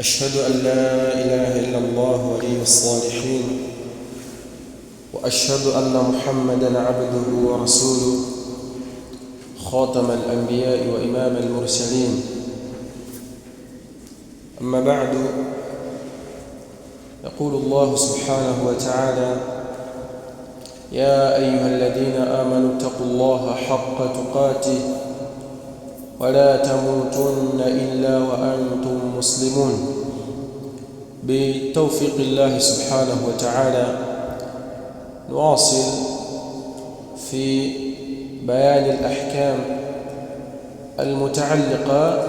أشهد أن لا إله إلا الله ولي الصالحين وأشهد أن محمدا عبده ورسوله خاتم الأنبياء وإمام المرسلين أما بعد يقول الله سبحانه وتعالى يا أيها الذين آمنوا اتقوا الله حق تقاته ولا تموتن إلا وأنتم مسلمون بتوفيق الله سبحانه وتعالى نواصل في بيان الأحكام المتعلقة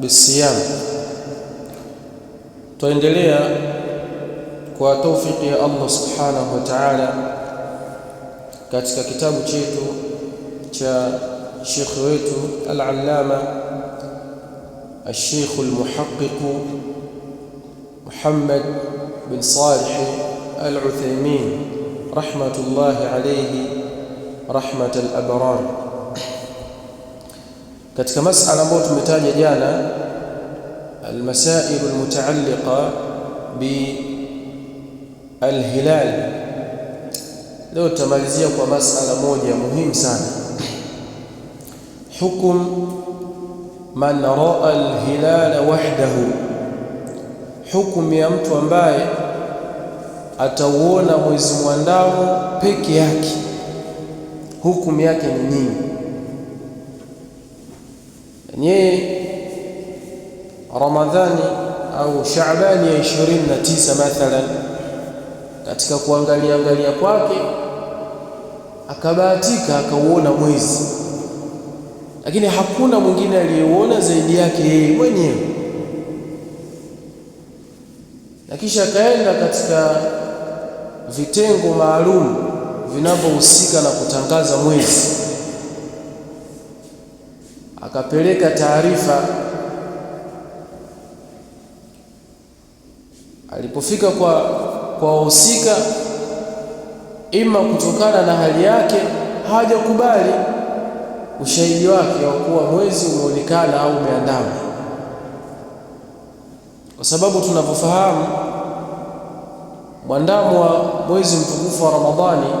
بالصيام تندليا وتوفيق الله سبحانه وتعالى كتاب kitabu chetu شيخ ويتو العلامة الشيخ المحقق محمد بن صالح العثيمين رحمة الله عليه رحمة الأبرار كتك مسعى موت متاج ديانا المسائل المتعلقة بالهلال لو تمالزيك ومسألة موجة مهم سانة hukum man raa lhilala wahdahu, hukumu ya mtu ambaye atauona mwezi mwandamo peke yake, hukumu yake ni nini? Yeye Ramadhani au Shaabani ya 29 mathalan, katika kuangalia angalia kwake akabahatika akauona mwezi lakini hakuna mwingine aliyeuona zaidi yake yeye mwenyewe. Na kisha akaenda katika vitengo maalum vinavyohusika na kutangaza mwezi, akapeleka taarifa. Alipofika kwa kwa wahusika, ima kutokana na hali yake hawajakubali ushahidi wake wa kuwa mwezi umeonekana au umeandama, kwa sababu tunavyofahamu mwandamo wa mwezi mtukufu wa Ramadhani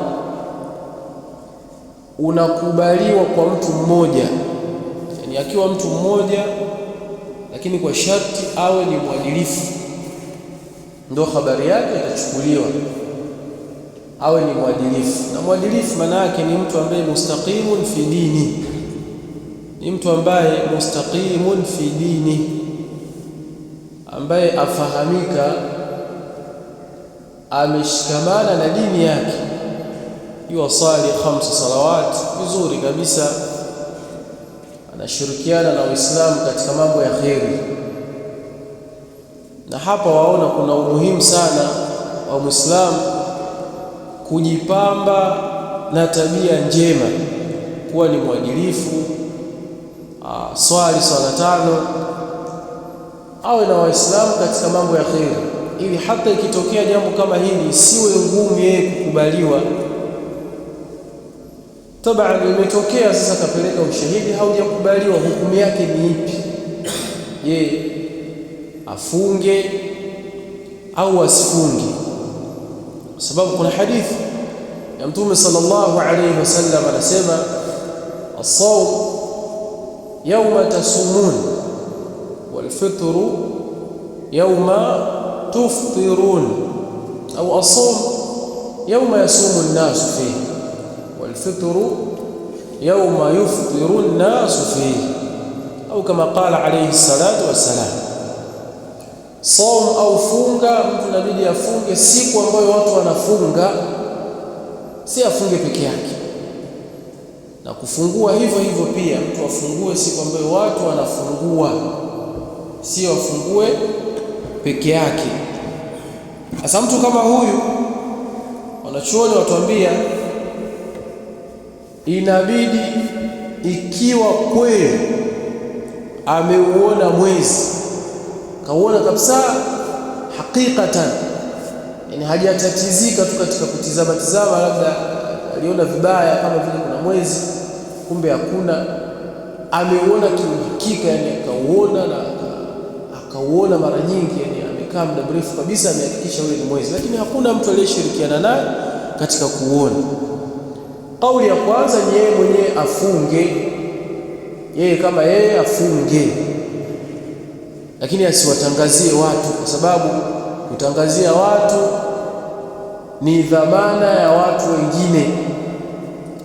unakubaliwa kwa mtu mmoja, yani akiwa mtu mmoja, lakini kwa sharti awe ni mwadilifu, ndio habari yake itachukuliwa. Awe ni mwadilifu, na mwadilifu maana yake ni mtu ambaye mustaqimun fi dini ni mtu ambaye mustaqimun fi dini, ambaye afahamika ameshikamana na dini yake, sali khamsa salawat vizuri kabisa, anashirikiana na Uislamu katika mambo ya kheri. Na hapa waona kuna umuhimu sana wa Muislamu kujipamba na tabia njema, kuwa ni mwadilifu aa, ah, swali swala tano, awe na Waislamu katika mambo ya kheri, ili hata ikitokea jambo kama hili siwe ngumu yeye kukubaliwa. Tabaan, imetokea sasa, kapeleka ushahidi haujakubaliwa, hukumu yake ni ipi? Je, afunge au asifunge? Kwa sababu kuna hadithi ya Mtume sallallahu alayhi wasallam anasema as-sawm يوم تصومون والفطر يوم تفطرون أو الصوم يوم يصوم الناس فيه والفطر يوم يفطر الناس فيه أو كما قال عليه الصلاة والسلام صوم أو فونغا نبيل يفونغ سيكو أمبوي واتو فونغا سيفونغ بكياكي na kufungua hivyo hivyo. Pia mtu afungue, si kwamba watu wanafungua, sio afungue peke yake. Sasa mtu kama huyu, wanachuoni watuambia inabidi ikiwa kweli ameuona mwezi kauona kabisa hakikatan, yani hajatatizika tu katika kutizama tizama, labda aliona vibaya kama vile mwezi, kumbe hakuna. Ameuona kiuhakika, yani akauona na akauona mara nyingi, yani amekaa muda mrefu kabisa, amehakikisha ule ni mwezi, lakini hakuna mtu aliyeshirikiana naye katika kuona. Kauli ya kwanza ni yeye mwenyewe afunge, yeye kama yeye afunge, lakini asiwatangazie watu, kwa sababu kutangazia watu ni dhamana ya watu wengine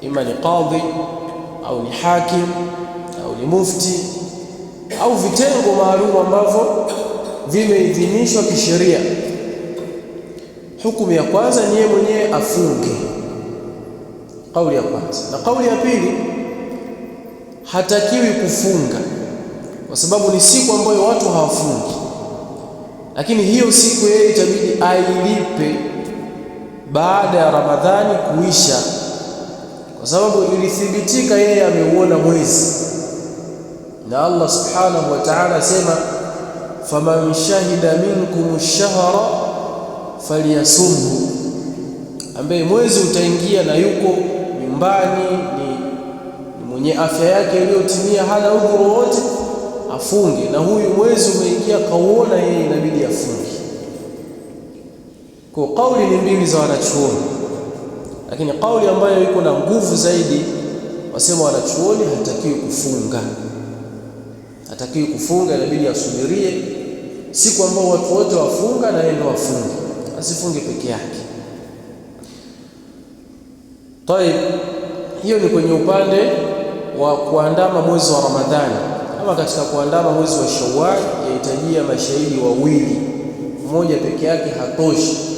ima ni qadhi au ni hakim au ni mufti au vitengo maalum ambavyo vimeidhinishwa kisheria. Hukumu ya kwanza ni yeye mwenyewe afunge, kauli ya kwanza. Na kauli ya pili, hatakiwi kufunga kwa sababu ni siku ambayo watu hawafungi, lakini hiyo siku yeye itabidi ailipe baada ya Ramadhani kuisha kwa sababu ilithibitika yeye ameuona mwezi, na Allah subhanahu wa ta'ala asema faman shahida minkum ash-shahra falyasumhu, ambaye mwezi utaingia na yuko nyumbani ni, ni mwenye afya yake iliyotimia, hana udhuru wowote, afunge. Na huyu mwezi umeingia kauona yeye, inabidi afunge. Kwa kauli ni mbili za wanachuoni lakini kauli ambayo iko na nguvu zaidi, wasema wanachuoni, hatakiwi kufunga, hatakiwi kufunga, inabidi asubirie siku ambao watu wote wafunga na yeye ndo wafunge, asifunge peke yake. Tayib, hiyo ni kwenye upande wa kuandama mwezi wa Ramadhani. Ama katika kuandama mwezi wa Shawwal yahitajia mashahidi wawili, mmoja peke yake hatoshi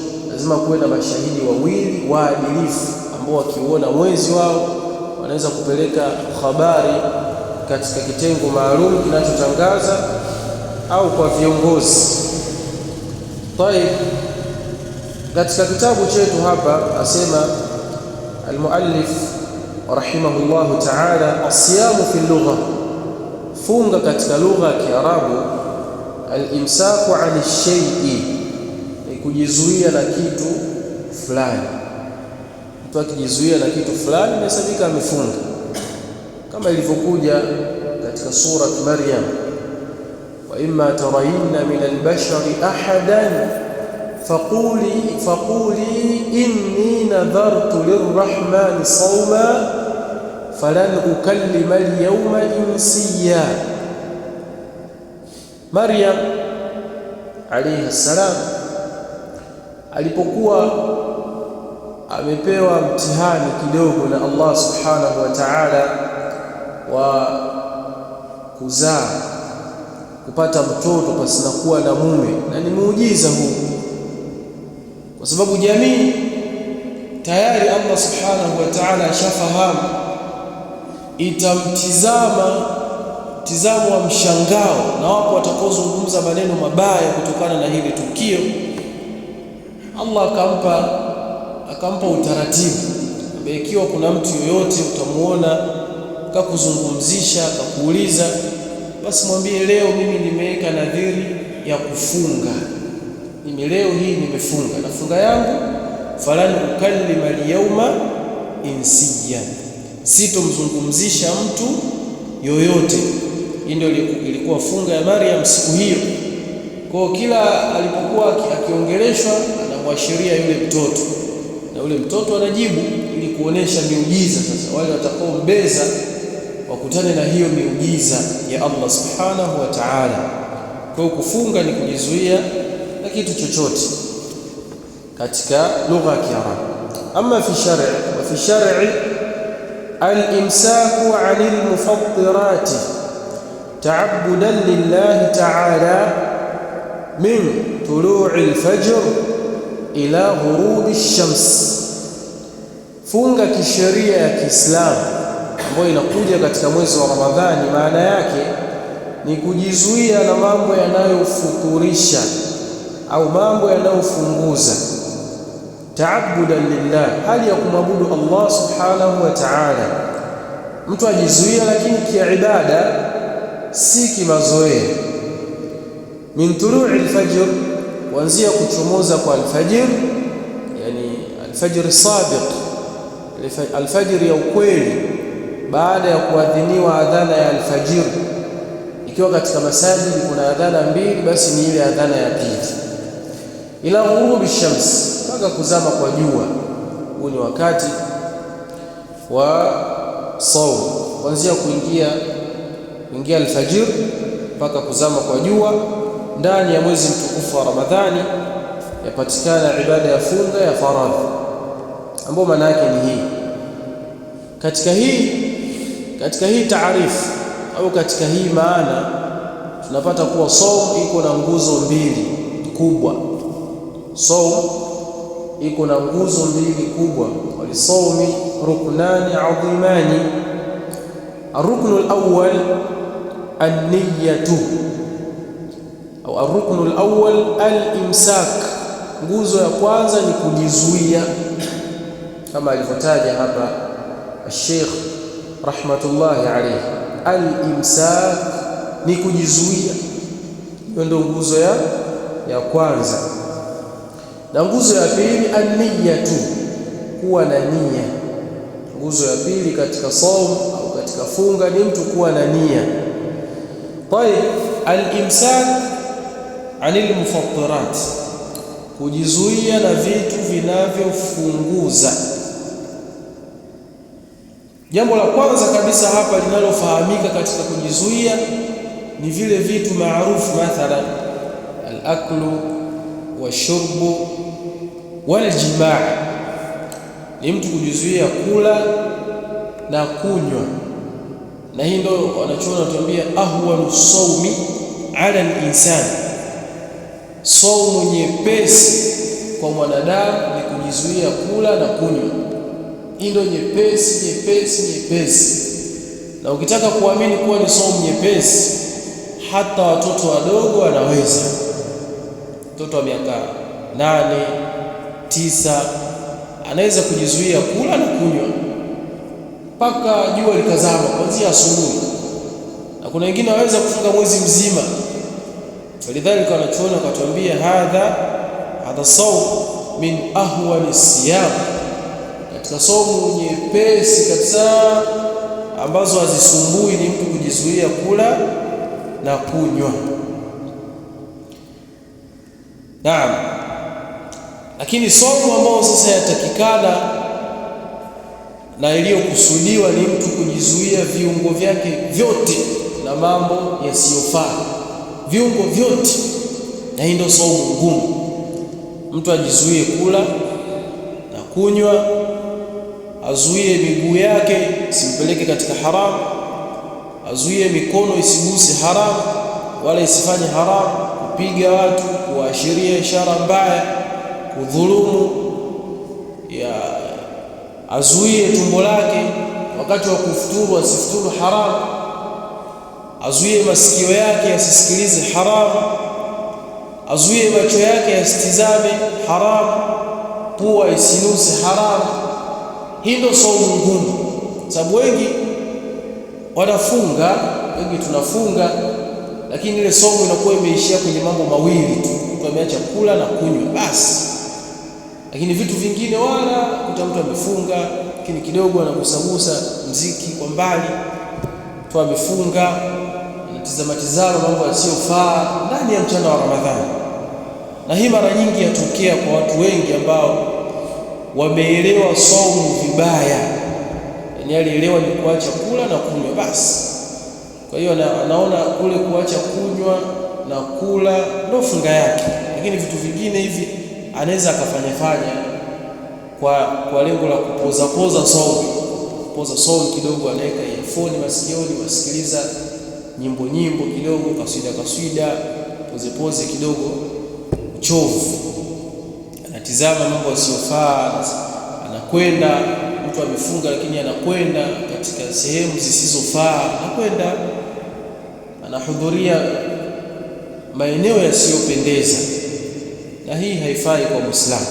lazima kuwe na mashahidi wawili waadilifu ambao wakiuona mwezi wao wanaweza kupeleka habari katika kitengo maalum kinachotangaza au kwa viongozi. Tayib, katika kitabu chetu hapa asema almuallif rahimahullahu ta'ala, asiyamu fi lugha, funga katika lugha ya Kiarabu, alimsaku ani shay'i kujizuia na kitu fulani. Mtu akijizuia na kitu fulani imehesabika amefunga, kama ilivyokuja katika sura Maryam, wa imma tarayinna min albashari ahadan faquli faquli inni nadhartu lirrahmani sawma falan ukallima alyawma insiya. Maryam alayhi salam alipokuwa amepewa mtihani kidogo na Allah subhanahu wa ta'ala wa kuzaa kupata mtoto pasinakuwa kuwa na mume, na ni muujiza huu, kwa sababu jamii tayari Allah subhanahu wa ta'ala ashafahamu, itamtizama mtizamo wa mshangao, na wapo watakaozungumza maneno mabaya kutokana na hili tukio. Allah akampa akampa utaratibu ikiwa kuna mtu yoyote utamuona kakuzungumzisha kakuuliza, basi mwambie leo mimi nimeweka nadhiri ya kufunga, mimi leo hii nimefunga na funga yangu, falan ukallima alyauma insiya, sitomzungumzisha mtu yoyote. Hii ndio ilikuwa funga ya Maryam siku hiyo. Kwa kila alipokuwa akiongeleshwa kumwashiria yule mtoto, na yule mtoto anajibu ili kuonesha miujiza. Sasa wale watakaombeza wakutane na hiyo miujiza ya Allah subhanahu wa ta'ala. Kwa hiyo kufunga ni kujizuia na kitu chochote katika lugha ya Kiarabu. Ama fi shari wa fi shari alimsaku anil mufattirati taabudan lillahi ta'ala min tului lfajr ila ghurudi shams, funga kisheria ya Kiislamu ambayo inakuja katika mwezi wa Ramadhani, maana yake ni kujizuia na mambo yanayofuturisha au mambo yanayofunguza, taabudan lillah, hali ya kumwabudu Allah subhanahu wa ta'ala. Mtu ajizuia lakini kiibada, si kimazoea. min tului lfajr kuanzia kuchomoza kwa alfajiri, yani alfajiri sadiq, alfajiri ya ukweli, baada ya kuadhiniwa adhana ya alfajir Ikiwa katika masajidi kuna adhana mbili, basi ni ile adhana ya pili. Ila ghurubi shamsi, mpaka kuzama kwa jua. Huu ni wakati wa saum, kuanzia kuingia kuingia alfajir mpaka kuzama kwa jua ndani ya mwezi mtukufu wa Ramadhani yapatikana ibada ya funga ya faradhi, ambayo maana yake ni hii. Katika hii katika hii taarifu au katika hii maana tunapata kuwa saumu iko na nguzo mbili kubwa. Saumu iko na nguzo mbili kubwa, walisaumi ruknani adhimani. Aruknu alawwal anniyatu au aruknu al alimsak, nguzo ya kwanza ni kujizuia, kama alivyotaja hapa Sheikh rahmatullahi alayhi. Alimsak ni kujizuia, hiyo ndio nguzo ya ya kwanza. Na nguzo ya pili tu, kuwa na nia. Nguzo ya pili katika saum au katika funga ni mtu kuwa na nia. Tayib, alimsak anil mufattirat, kujizuia na vitu vinavyofunguza. Jambo la kwanza kabisa hapa linalofahamika katika kujizuia ni vile vitu maarufu, mathalan alaklu washurbu waljimaa, ni mtu kujizuia kula na kunywa, na hii ndio wanachuoni wanatuambia ahwanu saumi ala linsani Saumu nyepesi kwa mwanadamu ni kujizuia kula na kunywa, hii ndio nyepesi nyepesi nyepesi. Na ukitaka kuamini kuwa ni saumu nyepesi, hata watoto wadogo wanaweza. Mtoto wa miaka nane tisa anaweza kujizuia kula na kunywa mpaka jua likazama, kuanzia asubuhi, na kuna wengine waweza kufunga mwezi mzima. Falidhalika wanachuona wakatuambia hadha hadha saum min ahwani siyam, katika somu nyepesi kabisa ambazo hazisumbui ni mtu kujizuia kula na kunywa. Naam, lakini somo ambayo sasa yatakikana na iliyokusudiwa ni mtu kujizuia viungo vyake vyote na mambo yasiyofaa viungo vyote, na hii ndio saumu ngumu. Mtu ajizuie kula na kunywa, azuie miguu yake isimpeleke katika haramu, azuie mikono isiguse haramu wala isifanye haramu, kupiga watu, kuashiria ishara mbaya, kudhulumu ya azuie tumbo lake wakati wa kufuturu, asifuturu haramu azuie masikio yake yasisikilize haramu, azuie macho yake yasitizame haramu, pua isinuse haramu. Hii ndio saumu ngumu, sababu wengi wanafunga, wengi tunafunga, lakini ile saumu inakuwa imeishia kwenye mambo mawili tu, mtu ameacha kula na kunywa basi, lakini vitu vingine wala kuta mtu amefunga, lakini kidogo anagusagusa mziki kwa mbali, mtu amefunga tizamatizama mambo yasiyofaa ndani ya mchana wa Ramadhani, na hii mara nyingi yatokea kwa watu wengi ambao wameelewa saumu vibaya, yaani alielewa ni kuacha kula na kunywa basi. Kwa hiyo anaona kule kuacha kunywa na kula ndio funga yake, lakini vitu vingine hivi anaweza akafanyafanya kwa, kwa lengo la kupozapoza saumu, kupoza saumu kidogo, anaweka earphone masikioni, wasikiliza nyimbo nyimbo kidogo, kaswida kaswida, poze poze kidogo, uchovu, anatizama mambo yasiyofaa, anakwenda. Mtu amefunga lakini anakwenda katika sehemu zisizofaa, anakwenda anahudhuria maeneo yasiyopendeza, na hii haifai kwa Muislamu.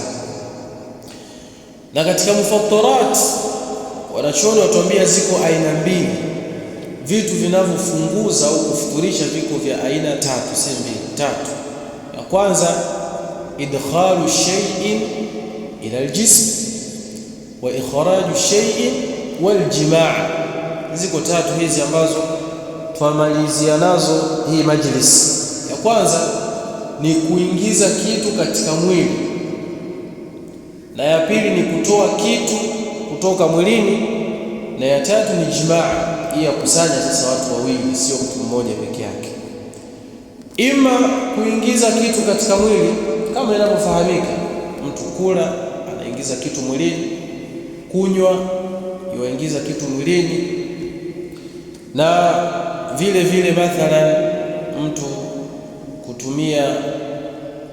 Na katika mufattarat, wanachuoni watuambia ziko aina mbili vitu vinavyofunguza au kufuturisha viko vya aina tatu, si mbili, tatu. Ya kwanza idkhalu shay'in ila aljism wa ikhraju shay'in waljimaa. Ziko tatu hizi ambazo twamalizia nazo hii majlis. Ya kwanza ni kuingiza kitu katika mwili, na ya pili ni kutoa kitu kutoka mwilini, na ya tatu ni jimaa hii yakusanya sasa watu wawili, sio mtu mmoja peke yake, ima kuingiza kitu katika mwili kama inavyofahamika, mtu kula anaingiza kitu mwilini, kunywa yuaingiza kitu mwilini, na vile vile mathalan mtu kutumia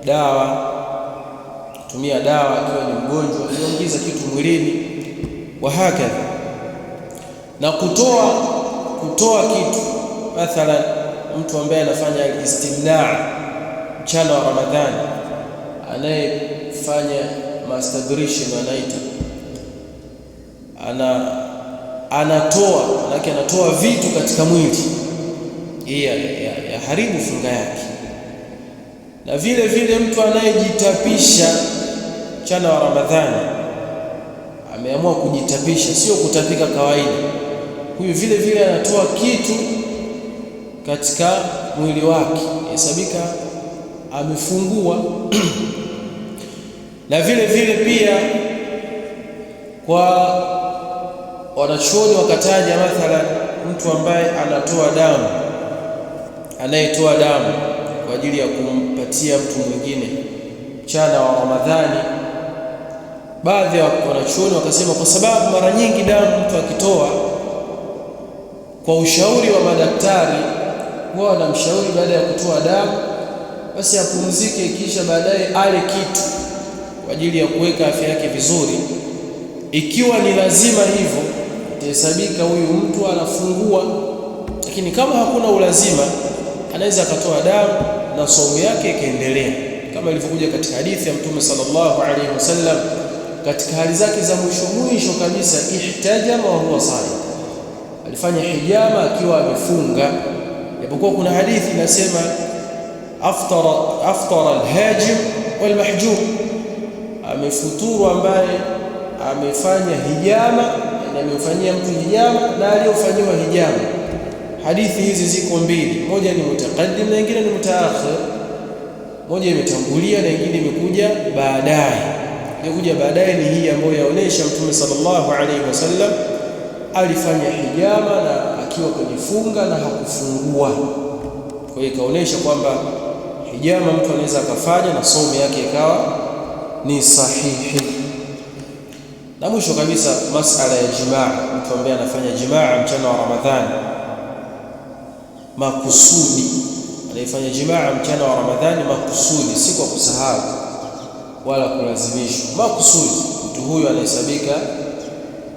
dawa kutumia dawa akiwa ni mgonjwa yuaingiza kitu mwilini, wahakadha na kutoa kutoa kitu, mathalan mtu ambaye anafanya istimnaa mchana wa Ramadhani, anayefanya masturbation anaita, ana anatoa manake anatoa vitu katika mwili iya ya haribu funga yake, na vile vile mtu anayejitapisha mchana wa Ramadhani ameamua kujitapisha, sio kutapika kawaida huyu vile vile anatoa kitu katika mwili wake, hesabika amefungua na vile vile pia kwa wanachuoni wakataja mathalan, mtu ambaye anatoa damu, anayetoa damu kwa ajili ya kumpatia mtu mwingine mchana wa Ramadhani, baadhi ya wanachuoni wakasema, kwa sababu mara nyingi damu mtu akitoa kwa ushauri wa madaktari, huwa wanamshauri baada ya kutoa damu basi apumzike, kisha baadaye ale kitu kwa ajili ya kuweka afya yake vizuri. Ikiwa ni lazima hivyo, itahesabika huyu mtu anafungua, lakini kama hakuna ulazima, anaweza akatoa damu na saumu yake ikaendelea, kama ilivyokuja katika hadithi ya Mtume sallallahu alaihi wasallam katika hali zake za mwisho mwisho kabisa, ihtajama wa huwa saim alifanya hijama akiwa amefunga, japokuwa kuna hadithi inasema aftara aftara alhajim walmahjum, amefuturu ambaye amefanya hijama na amemfanyia mtu hijama na aliyofanyiwa hijama. Hadithi hizi ziko mbili, moja ni mutaqaddim na nyingine ni mutaakhir. Moja imetangulia na nyingine imekuja baadaye. Imekuja baadaye ni hii ambayo yaonesha Mtume sallallahu alaihi wasallam alifanya hijama na akiwa kujifunga na hakufungua. Kwa hiyo ikaonyesha kwamba hijama mtu anaweza akafanya na somo yake ikawa ni sahihi. Na mwisho kabisa, masala ya jimaa, mtu ambaye anafanya jimaa mchana wa Ramadhani makusudi, anayefanya jimaa mchana wa Ramadhani makusudi, si kwa kusahau wala kulazimishwa, makusudi, mtu huyu anahesabika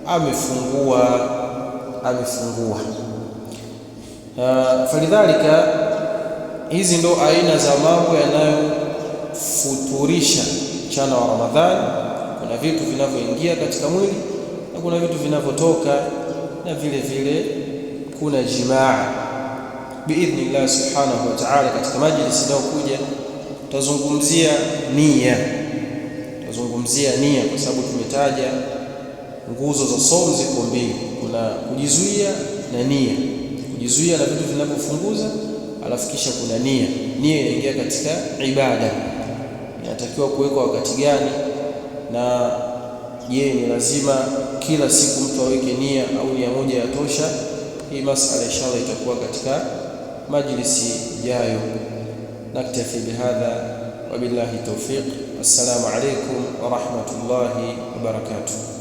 amefungua amefungua. Uh, falidhalika hizi ndo aina za mambo yanayofuturisha mchana wa Ramadhani. Kuna vitu vinavyoingia katika mwili na kuna vitu vinavyotoka, na vile vile kuna jimaa biidhnillah subhanahu wa ta'ala. Katika majlisi inayokuja tutazungumzia nia, tutazungumzia nia kwa sababu tumetaja nguzo za saumu ziko mbili, kuna kujizuia na nia. Kujizuia na vitu vinavyofunguza, alafu kisha kuna nia. Nia inaingia katika ibada, inatakiwa kuwekwa wakati gani? Na je, ni lazima kila siku mtu aweke nia au nia moja yatosha? Hii masala inshallah itakuwa katika majlisi ijayo. Naktafi bihadha wabillahi taufiq. Assalamu alaikum warahmatullahi wabarakatuh.